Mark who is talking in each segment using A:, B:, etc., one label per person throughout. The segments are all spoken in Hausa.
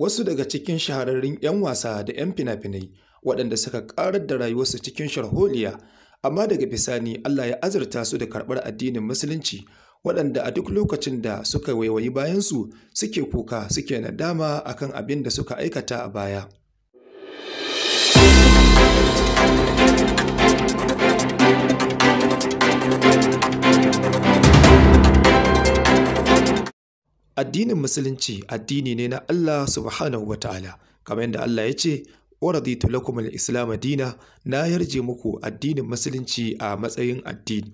A: Wasu daga cikin shahararrun 'yan wasa da 'yan fina-finai waɗanda suka ƙarar da rayuwarsu cikin sharholiya, amma daga bisani Allah ya azurta su da karɓar addinin Musulunci, waɗanda a duk lokacin da suka waiwayi bayansu suke kuka suke nadama a kan abin da suka aikata a baya. addinin musulunci addini ne na Allah subhanahu wa ta'ala kamar yadda Allah ya ce waraditu lakum al-islam dina na yarje muku addinin musulunci a matsayin addini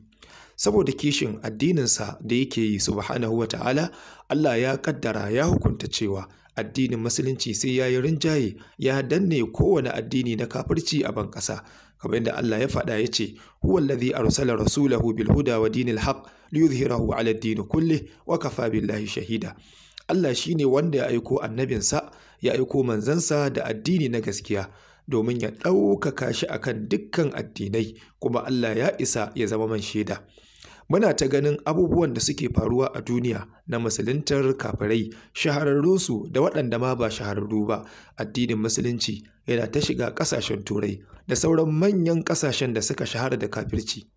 A: saboda kishin addininsa da yake yi subhanahu wa ta'ala Allah ya kaddara ya hukunta cewa addinin musulunci sai ya yi rinjaye ya danne kowane addini na kafirci a ban ƙasa kamar yadda Allah ya faɗa ya ce huwa allazi arsala rasulahu bil huda wa dinil haqq liyudhhirahu ala ad-din kulli wa kafa billahi shahida Allah shine wanda ya aiko annabin sa ya aiko manzansa da addini na gaskiya domin ya ɗaukaka shi akan dukkan addinai kuma Allah ya isa ya zama man shaida muna ta ganin abubuwan da suke faruwa a duniya na musuluntar kafirai shahararrunsu da waɗanda ma ba shahararru ba addinin musulunci yana ta shiga ƙasashen turai da sauran manyan ƙasashen da suka shahara da kafirci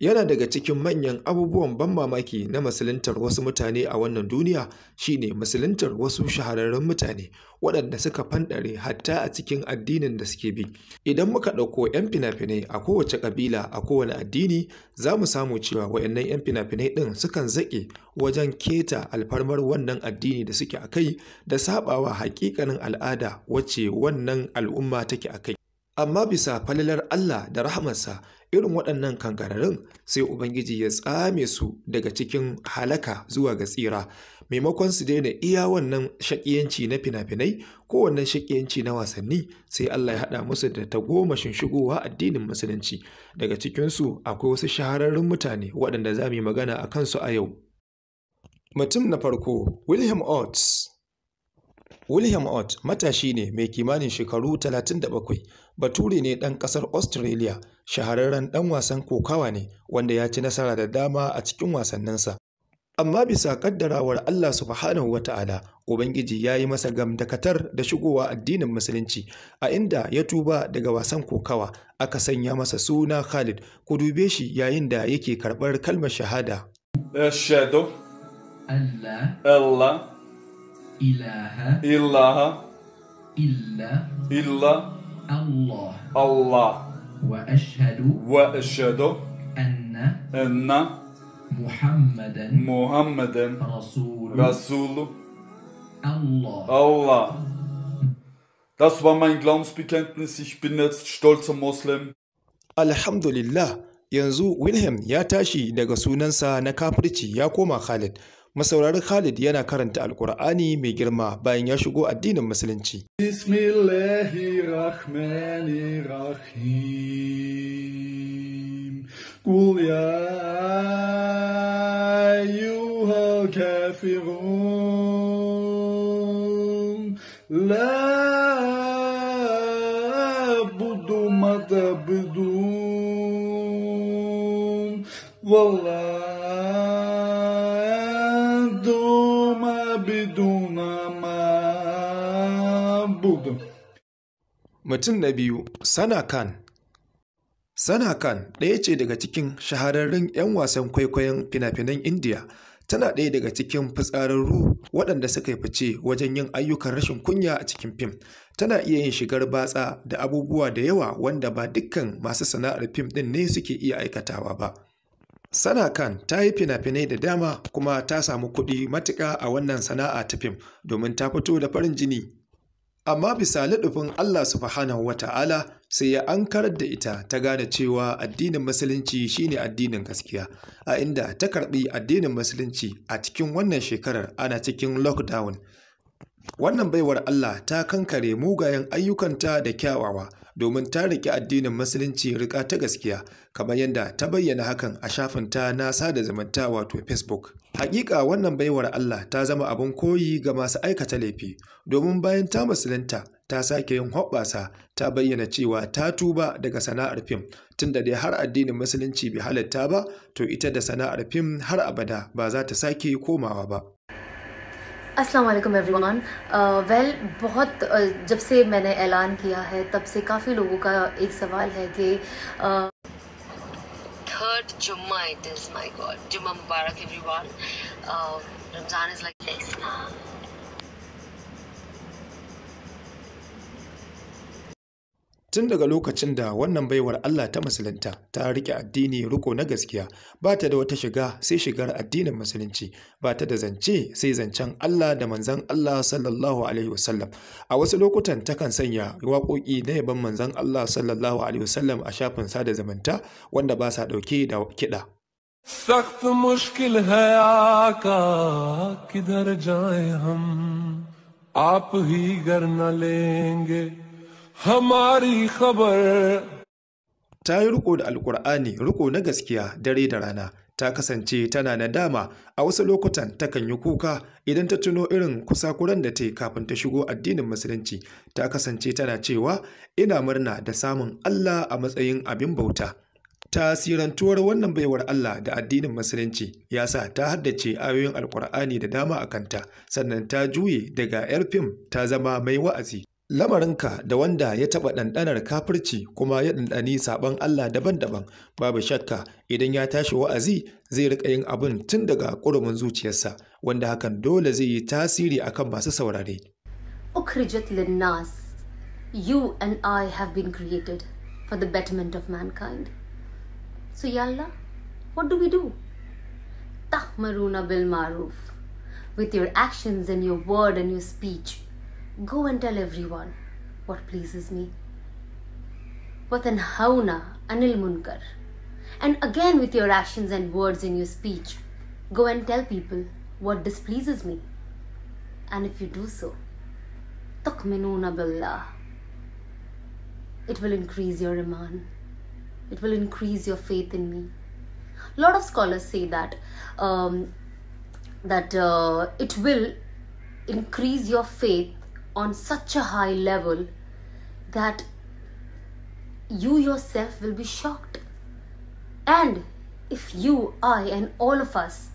A: Yana daga cikin manyan abubuwan ban mamaki na musuluntar wasu mutane a wannan duniya shine ne musuluntar wasu shahararrun mutane waɗanda suka fanɗare hatta a cikin addinin da suke bi. Idan muka ɗauko 'yan fina-finai a kowace ƙabila a kowane addini za mu samu cewa waɗannan 'yan fina-finai ɗin sukan zaƙe wajen keta alfarmar wannan addini da suke a kai da saɓawa haƙiƙanin al'ada wacce wannan al'umma take a kai. Amma bisa falalar Allah da rahamarsa irin waɗannan kankararin sai ubangiji ya tsame su daga cikin halaka zuwa ga tsira maimakon su daina iya wannan shaƙiyanci na fina-finai ko wannan shaƙiyanci na wasanni sai Allah ya haɗa musu da tagomashin shigowa addinin musulunci daga cikinsu akwai wasu shahararrun mutane waɗanda za mu yi magana a kansu a yau mutum na farko william oates William Ott matashi ne mai kimanin shekaru 37, bature ne ɗan ƙasar Australia, shahararren ɗan wasan kokawa ne wanda ya ci nasara da dama a cikin wasanninsa. Amma bisa ƙaddarawar Allah subhanahu wa ta'ala, Ubangiji ya yi masa gamdakatar da shigowa addinin Musulunci, a inda ya tuba daga wasan kokawa aka sanya masa suna Khalid, ku dube shi yayin da yake karɓar kalmar shahada.
B: Allah.
A: Allah.
B: إله إله إلا إلا الله
A: الله وأشهد وأشهد أن أن محمدا محمدا رسول رسول الله الله Das war mein Glaubensbekenntnis. Ich bin jetzt stolzer Moslem. Alhamdulillah. Yanzu Wilhelm ya tashi daga sunansa na kafirci ya koma Khalid, masaurari Khalid yana karanta Alkur'ani mai girma bayan ya shigo addinin Musulunci. Bismillahirrahmanirrahim. Qul ya ayyuhal kafirun la أعبد ما تعبدون Mutum na biyu, Sana Khan. Sana Khan ɗaya ce daga cikin shahararrun 'yan wasan kwaikwayon fina-finan Indiya. Tana ɗaya daga cikin fitsararru waɗanda suka yi fice wajen yin ayyukan rashin kunya a cikin fim. Tana iya yin shigar batsa da abubuwa da yawa wanda ba dukkan masu sana'ar fim ɗin ne suke iya aikatawa ba. Sana Khan ta yi fina-finai da dama kuma ta samu kuɗi matuƙa a wannan sana'a ta fim domin ta fito da farin jini amma bisa laɗufin Allah subhanahu wata'ala sai ya ankarar da ita ta gane cewa addinin musulunci shine addinin gaskiya a inda ta karɓi addinin musulunci a cikin wannan shekarar ana cikin lockdown Wannan baiwar Allah ta kankare mugayen ayyukanta da kyawawa domin ta riƙe addinin Musulunci riƙa ta gaskiya, kamar yadda ta bayyana hakan a shafin ta na sada zumunta wato Facebook. Hakika wannan baiwar Allah ta zama abin koyi ga masu aikata laifi, domin bayan ta musulunta ta sake yin hoɓɓasa ta bayyana cewa ta tuba daga sana'ar fim tunda dai har addinin musulunci bai halatta ba to ita da sana'ar fim har abada ba za ta sake komawa ba.
B: अस्सलाम वालेकुम everyone well बहुत uh, जब से मैंने ऐलान किया है तब से काफ़ी लोगों का एक सवाल है कि थर्ड जुम्मा इट इज़ माय गॉड जुम्मा मुबारक एवरीवन रमज़ान is like
A: tun daga lokacin da wannan baiwar Allah ta musulunta ta rike addini riko na gaskiya ba ta da wata shiga sai shigar addinin musulunci ba ta da zance sai zancen Allah da manzan Allah sallallahu alaihi wasallam a wasu lokutan ta kan sanya waƙoƙi na yaban manzan Allah sallallahu alaihi wasallam a shafin sada zumunta wanda ba sa ɗauke da kiɗa
B: سخت مشکل ہے آقا کدھر جائیں ہم آپ ہی نہ لیں hamari khabar
A: ta yi riko da alkur'ani riko na gaskiya dare da rana ta kasance tana na dama a wasu lokutan takan yi kuka idan ta tuno irin kusakuran da ta yi kafin ta shigo addinin musulunci ta kasance tana cewa ina murna da samun Allah a matsayin abin bauta tasirantuwar wannan baiwar Allah da addinin musulunci ya sa ta haddace ayoyin alkur'ani da dama a kanta sannan ta juye daga yar fim ta zama mai wa'azi lamarinka da wanda ya taɓa ɗanɗanar kafirci kuma ya ɗanɗani saɓon Allah daban-daban babu shakka idan ya tashi wa'azi zai riƙa yin abin tun daga ƙurumin zuciyarsa wanda hakan dole zai yi tasiri akan masu saurare.
B: Ukrijat linnas, you and I have been created for the betterment of mankind. So yalla, what bil maruf, with your actions and your word and your speech. Go and tell everyone what pleases me. what Watanhauna anil munkar. And again with your actions and words in your speech, go and tell people what displeases me. And if you do so, taqminuna billah. It will increase your iman. It will increase your faith in me. A lot of scholars say that um, that uh, it will increase your faith on such a high level that you yourself will be shocked. And if you, I, and all of us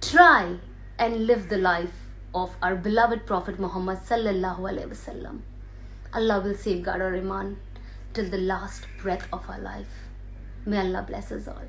B: try and live the life of our beloved Prophet Muhammad sallallahu alaihi wasallam, Allah will safeguard our iman till the last breath of our life. May Allah bless us all.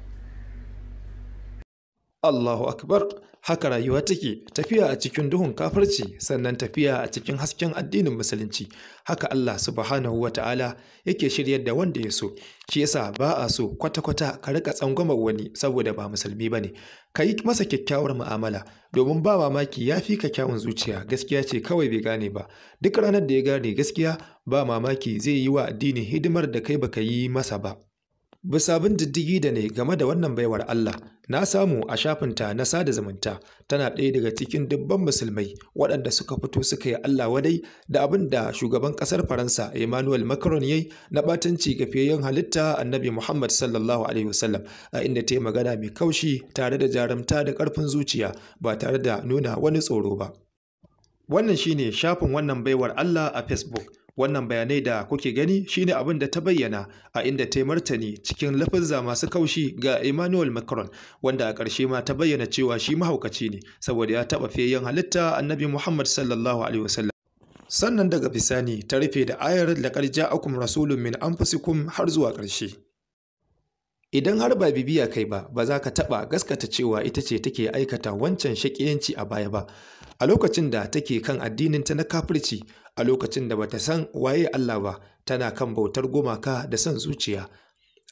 A: Allahu akbar haka rayuwa take tafiya a cikin duhun kafarci sannan tafiya a cikin hasken addinin musulunci haka Allah subhanahu wata'ala yake shiryar da wanda ya so shi yasa ba a so kwata-kwata ka rika tsangwama wani saboda ba musulmi bane ka yi masa kyakkyawar mu'amala domin ba mamaki ya fi ka kyawun zuciya gaskiya ce kawai bai gane ba duk ranar da ya gane gaskiya ba mamaki zai yi wa addini hidimar da kai baka yi masa ba Bisa bin diddigi da ne game da wannan baiwar Allah, na samu a shafinta na sada zumunta tana ɗaya daga cikin dubban musulmai waɗanda suka fito suka yi Allah wadai da abin da shugaban ƙasar Faransa Emmanuel Macron yayi na ɓatanci ga fiyayyen halitta Annabi Muhammad sallallahu alaihi wasallam a inda ta yi magana mai kaushi tare da jarumta da ƙarfin zuciya ba tare da nuna wani tsoro ba. Wannan shine shafin wannan baiwar Allah a Facebook. wannan bayanai da kuke gani shine abin da ta bayyana a inda ta martani cikin lafazza masu kaushi ga Emmanuel Macron wanda a ƙarshe ma ta bayyana cewa shi mahaukaci ne saboda ya taɓa fiyayyen halitta Annabi Muhammad sallallahu alaihi wasallam sannan daga bisani ta rufe da ayar laqad ja'akum rasulun min anfusikum har zuwa ƙarshe Idan har ba bibiya kai ba, ba za ka taɓa gaskata cewa ita ce take aikata wancan shaƙiyanci a baya ba, a lokacin da take kan addinin ta na kafirci, a lokacin da bata san waye Allah ba, tana kan bautar gumaka da son zuciya.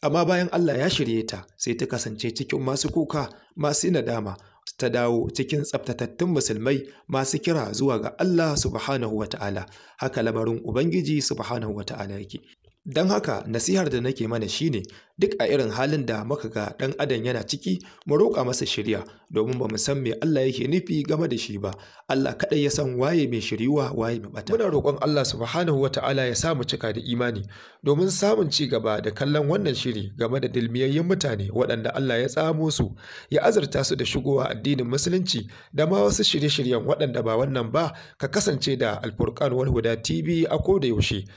A: Amma bayan Allah ya shirye ta, sai ta kasance cikin masu kuka, masu nadama, ta dawo cikin tsaftatattun musulmai masu kira zuwa ga Allah subhanahu wa ta'ala, haka lamarin Ubangiji subhanahu wa ta'ala yake. Don haka nasihar da nake mana shi ne, duk a irin halin da muka ga ɗan adam yana ciki mu roƙa masa shirya domin ba mu san me Allah yake nufi game da shi ba Allah kaɗai ya san waye mai shiriwa waye mai bata muna roƙon Allah subhanahu ta'ala ya samu cika da imani domin samun ci gaba da kallon wannan shiri game da dilmiyayyen mutane waɗanda Allah ya tsamo su ya azurta su da shigowa addinin musulunci da ma wasu shirye-shiryen waɗanda ba wannan ba ka kasance da alfurkan walhuda tv a kodayaushe. yaushe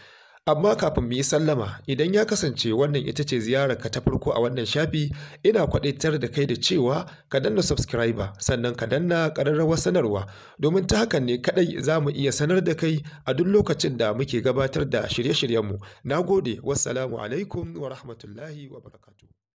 A: Amma kafin mu yi sallama, idan ya kasance wannan ita ce ziyararka ta farko a wannan shafi, ina kwaɗaitar da kai da cewa ka danna subscriber sannan ka danna ƙararrawar sanarwa domin ta hakan ne kaɗai za mu iya sanar da kai a duk lokacin da muke gabatar da shirye-shiryenmu. Na gode, wassalamu alaikum wa rahmatullahi wa barakatu.